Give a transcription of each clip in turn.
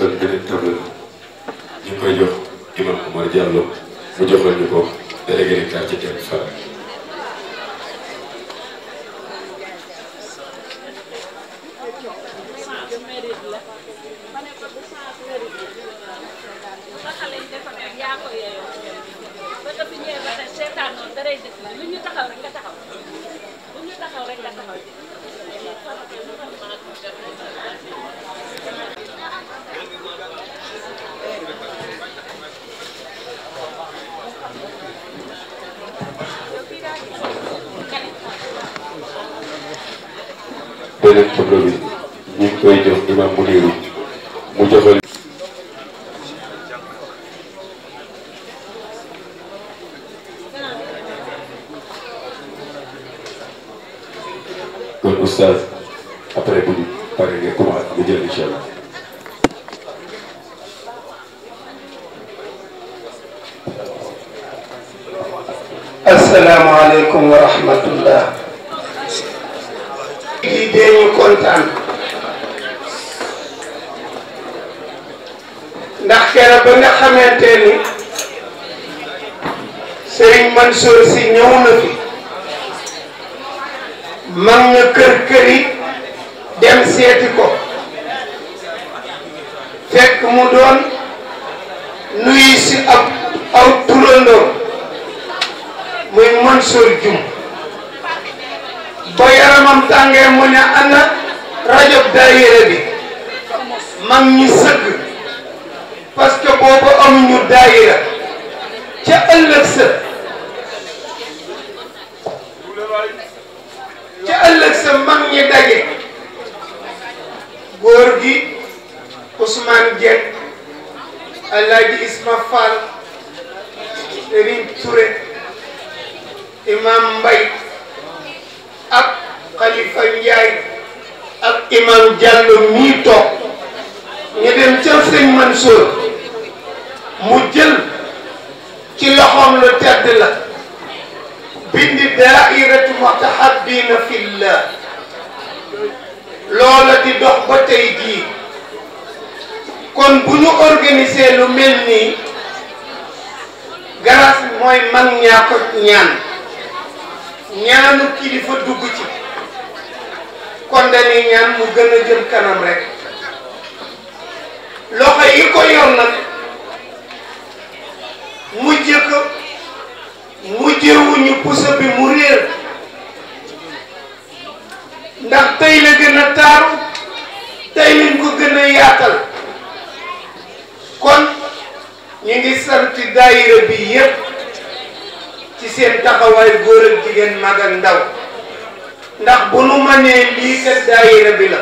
kon directeur la ñu ngi koy jox imam Omar Diallo mu joxal ñu ko délégué quartier Thierno Fall. Muchas provecho Serigne Mansour si ñëw na fi mag na kër dem seeti ko fekk mu doon nuyu si ab aw turandoo muy Mansour Dioum ba yaramam tàngee mu ne ana rajo daayira bi mag ñi sëgg parce que boobu amuñu daayira ca ëllëg sa ca ëllëg sa mag ñi daje góor gi Ousmane Dieng Alaaji Isma Fall Serigne Imam Mbay ak Khalifa ak Imam Diallo mii toog ñu dem ca sëñ Mansour mu jël ci loxoom lu tedd la bindi daairatu mutahaddina fillah lola di dox ba tay jii kon buñu organiser lu melni grâce moy mag ñaa ko ñaan ñaanu kilifa dugg ci kon dañi ñaan mu gëna jëm kanam rek loxo yi ko yor nak mu jëk mujjewuñu puso bi mu réer ndax tey la gën a taaru tey lañ ko gën a yaatal kon ñu ngi sant daayira bi yépp ci seen taxawaay góor ci jigéen mag ak ndaw ndax bu nu mënee lii kat daayira bi la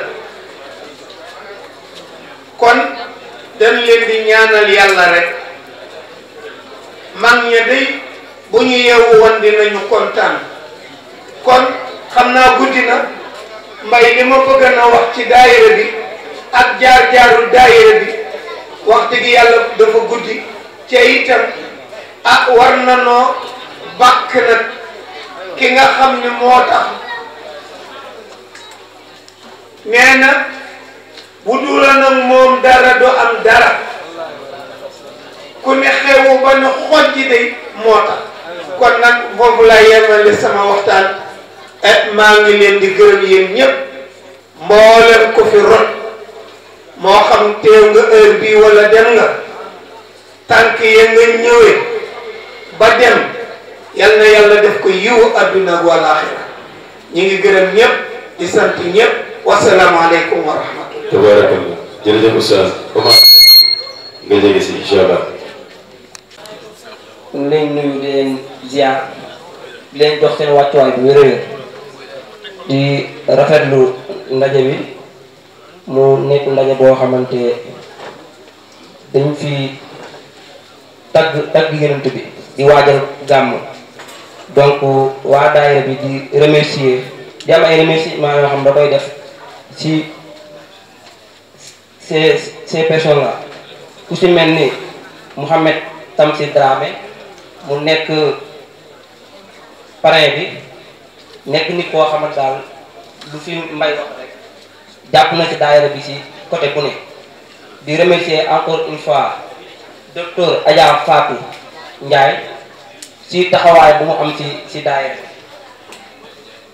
kon dañ leen di ñaanal yàlla rek mag ña day bu ñu yeewu woon dinañu kontaan kon xam naa guddi na mbay li ma bëgg a wax ci daayira bi ak jaar-jaaru daayira bi wax dëgg yàlla dafa guddi te itam ah war na noo bàkk nag ki nga xam ne moo tax nee na bu dula nag moom dara du am dara ku ne xewu ba nu xojji day moo tax kon nag foofu laa yemale sama waxtaan et eh, maa ngi leen di gërëm yéen ñëpp mboolem ko fi rot moo xam teew nga heure bii wala dem nga tànk ya nga ñëwee ba dem yal yàlla def ko yiwu adduna wala axira ñi ngi gërëm ñëpp di sant ñëpp wasalaamaaleykum wa rahmatullah tabarakallah jërëjëf Oustaz Omar nga jege si incha allah. ñu ngi leen nuyu ziar di leen jox seen wàccuwaay bu wér wér di rafetlu ndaje bi mu nekk ndaje boo xamante dañ fi tagg tagg yonent bi di waajal gàmm donc waa daayira bi di remercier di am ay remerciement yoo xam da koy def ci ces ces personnes ku ci mel ni Mouhamed Tamsir Dramé mu nekk parrain bi nekk nit koo xamante daal lu fi mbay wax rek jàpp na ci daayira bi ci côté bu ne di remercier encore une fois docteur Adja Fatou Ndiaye ci taxawaay bu mu am ci ci daayira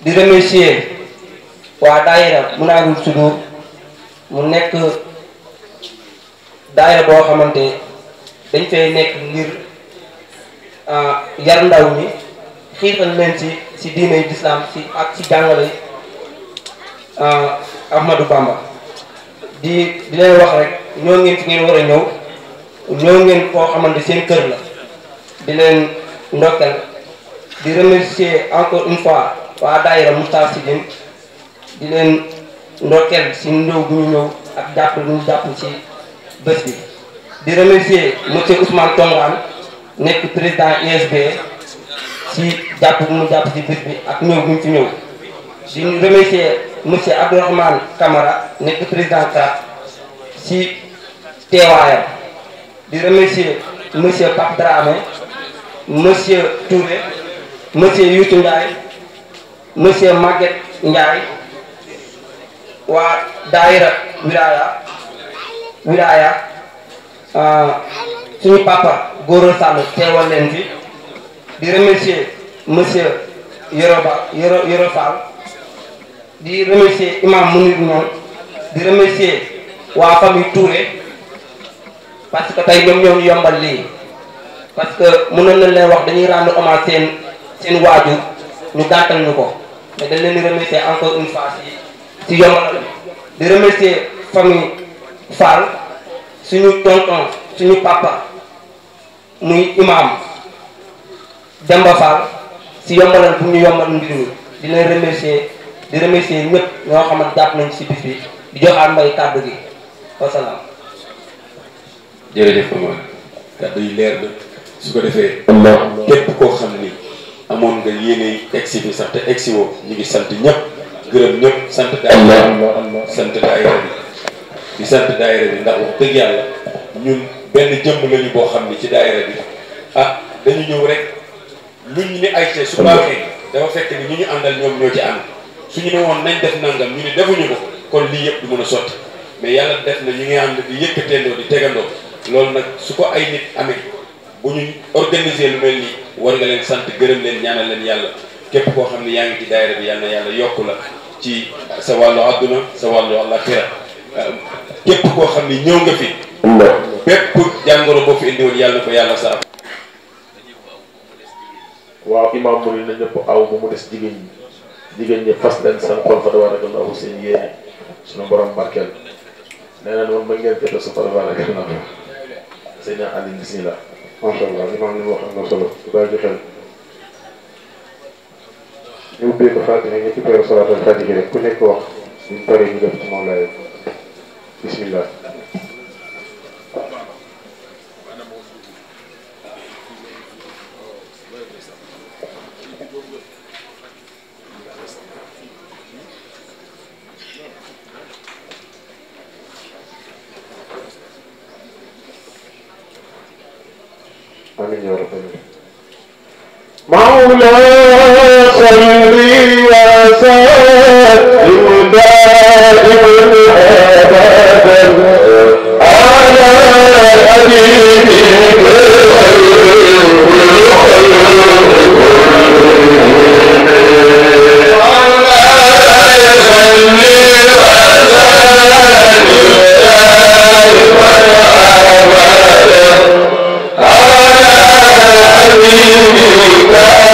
di remercier waa daayira Munaarul Sudur mu nekk daayira boo xamante dañ fay nekk ngir ah, yar ndaw ñi xéetal leen ci ci diine yi lislaam ci ak ci jàngale ah, Ahmadou Bamba di di leen wax rek ñoo ngeen ci ngeen war a ñëw ñoo ngeen koo xamante seen kër la di leen ndokkal di remercier encore une fois waa daayira Moustarchidine di leen ndokkeel si ñëw bu ñu ñëw ak jàpp bu ñu jàpp ci bés bi di remercier monsieur Ousmane Tongane nekk président ISB ci jàpp bu mu jàpp ci bis ak ñëw bu mu ci ñëw di remercier monsieur Abdourahmane Camara nekk président CRAC ci di remercier monsieur Pape Dramé monsieur Touré monsieur Youtou Ndiaye monsieur Maguette Ndiaye waa daayira wilaya wilaya euh, suñu papa Goro Sall teewal leen fi di remercier monsieur Yoroba Yoro Yoro Fall di remercier imam Mounir Niang di remercier waa famille Touré parce que tey ñoom ñoo yombal lii parce que mënoon nañ leen wax dañuy rendre hommage seen seen waajur ñu gàttal ñu ko mais dañ leen di remercier encore une fois si yombal di remercier famille Fall suñu tonton suñu papa muy imam Demba Fall si yombalal bu ñu yombal mbir mi di leen remercier di remercier ñëpp ñoo xamante jàpp nañ si bis bi di joxaat mbay kàddu gi wasalaam. jërëjëf Omar kàddu yi leer na su ko defee. am képp koo xam ni amoon nga yéene egsi bi sax te egsi ñu ngi sant ñëpp gërëm ñëpp sant daayira bi sant daayira bi di sant daayira bi ndax wax dëgg yàlla ñun benn jëmm lañu boo xam ni ci daayira bi ah dañu ñëw rek. luñ ni ay te su baaxee dafa fekk ni ñu ñu àndal ñoo ci ànd suñu ne woon nañ def nangam ñu ne defuñu ko kon lii yëpp du mën a sotti mais yàlla def na ñu ngi ànd di yëkkateendoo di tegandoo loolu nag su ko ay nit amee bu ñu organiser lu mel nii war nga leen sant gërëm leen ñaanal leen yàlla képp koo xam ne yaa ngi ci daayira bi yal yàlla yokk la ci sa wàllu àdduna sa wàllu àllaaxira képp koo xam ne ñëw nga fi. bépp jàngoro boo fi indiwoon yàlla ko yàlla sa waaw imaam mu ne na ñëpp aw ba mu des jigéen ñi jigéen ñi fas leen seen xol fa tabarakallahu seen yéene suñu borom barkeel nee na man ma ngeen fete su fa tabarakallahu sëñ Aliou bismillah macha allah imaam li mu wax am na solo su bàyyi xel ñu ubbee ko Fatiha ñu ci peeru salaatal Fatiha rek ku nekk wax buñ paree ñu def ci bismillah يا رب مولاي صلي وسلم دائما ابدا على حبيبك خير منك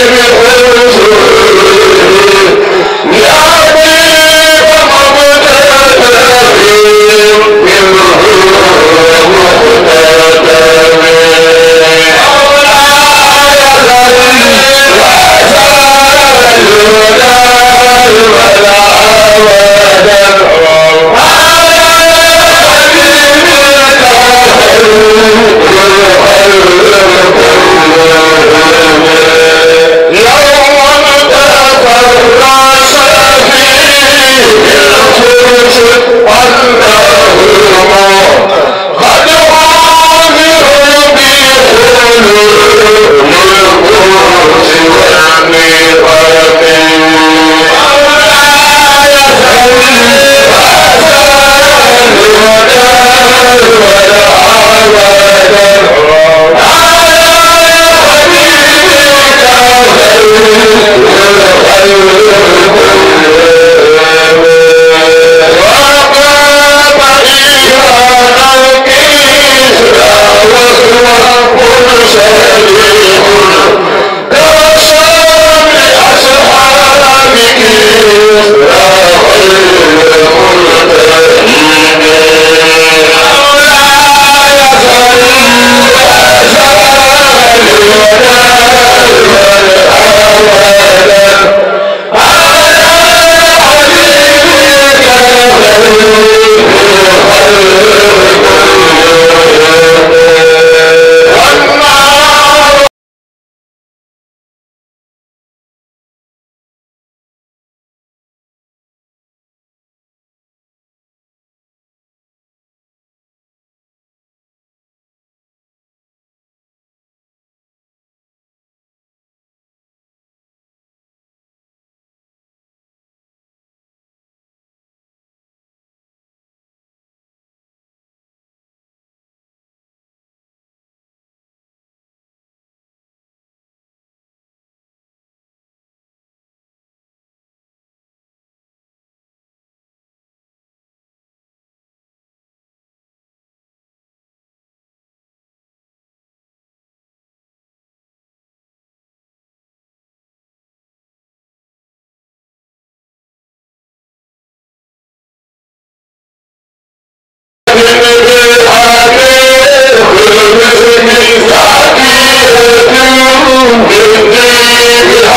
Merci. Bye.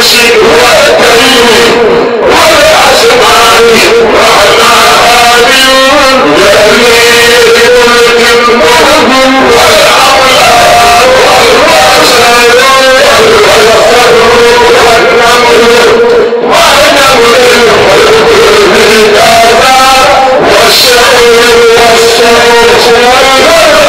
نفسي والكريم والعزماني وعلى آل جميل ملك مهم والأولاد والوسائل والفخر والنمر والنمر والكريم والسعير والسعير والنمر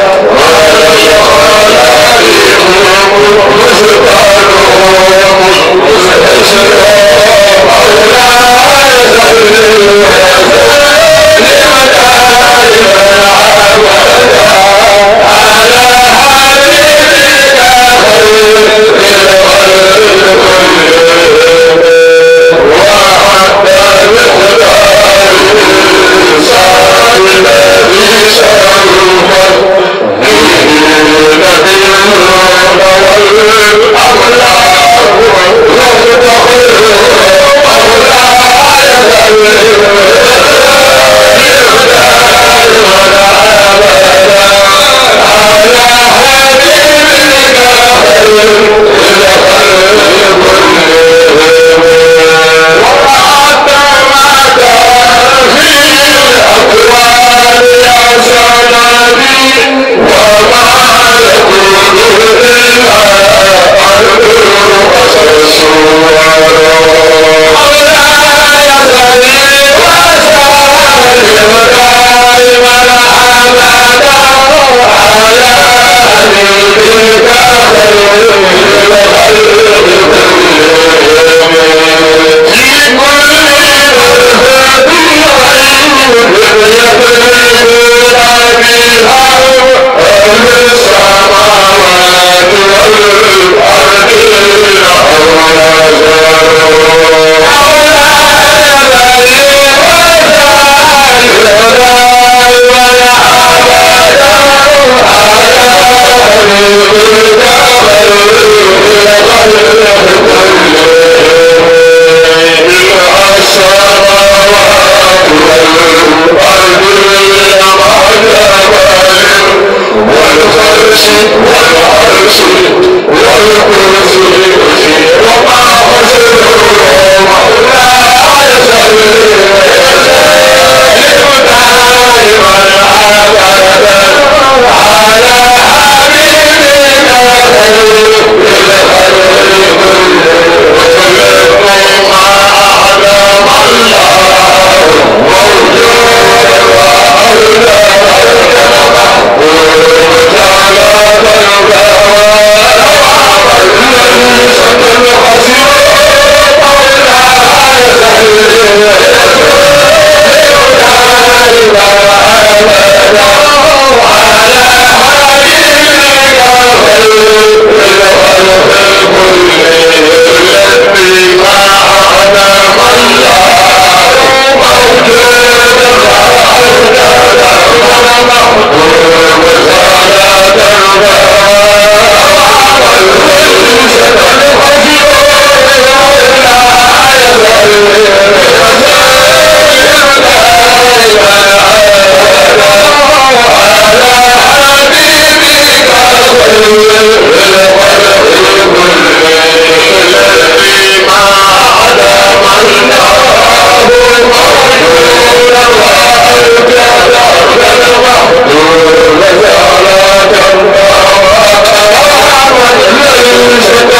أشهد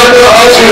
أن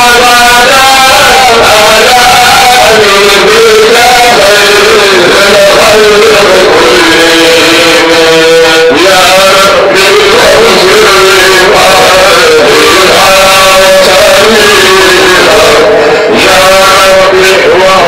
يا رب اغفر لي